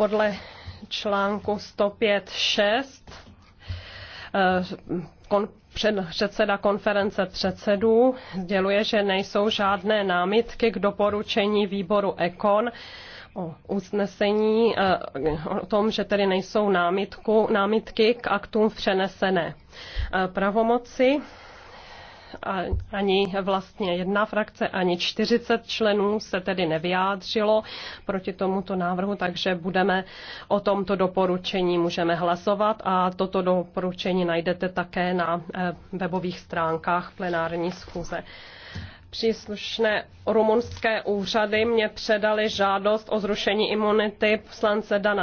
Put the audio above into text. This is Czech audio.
podle článku 105.6 eh, kon, předseda konference předsedů sděluje, že nejsou žádné námitky k doporučení výboru Econ o usnesení eh, o tom, že tedy nejsou námitku, námitky k aktům v přenesené eh, pravomoci ani vlastně jedna frakce, ani 40 členů se tedy nevyjádřilo proti tomuto návrhu, takže budeme o tomto doporučení můžeme hlasovat a toto doporučení najdete také na eh, webových stránkách plenární schůze příslušné rumunské úřady mě předali žádost o zrušení imunity poslance Dana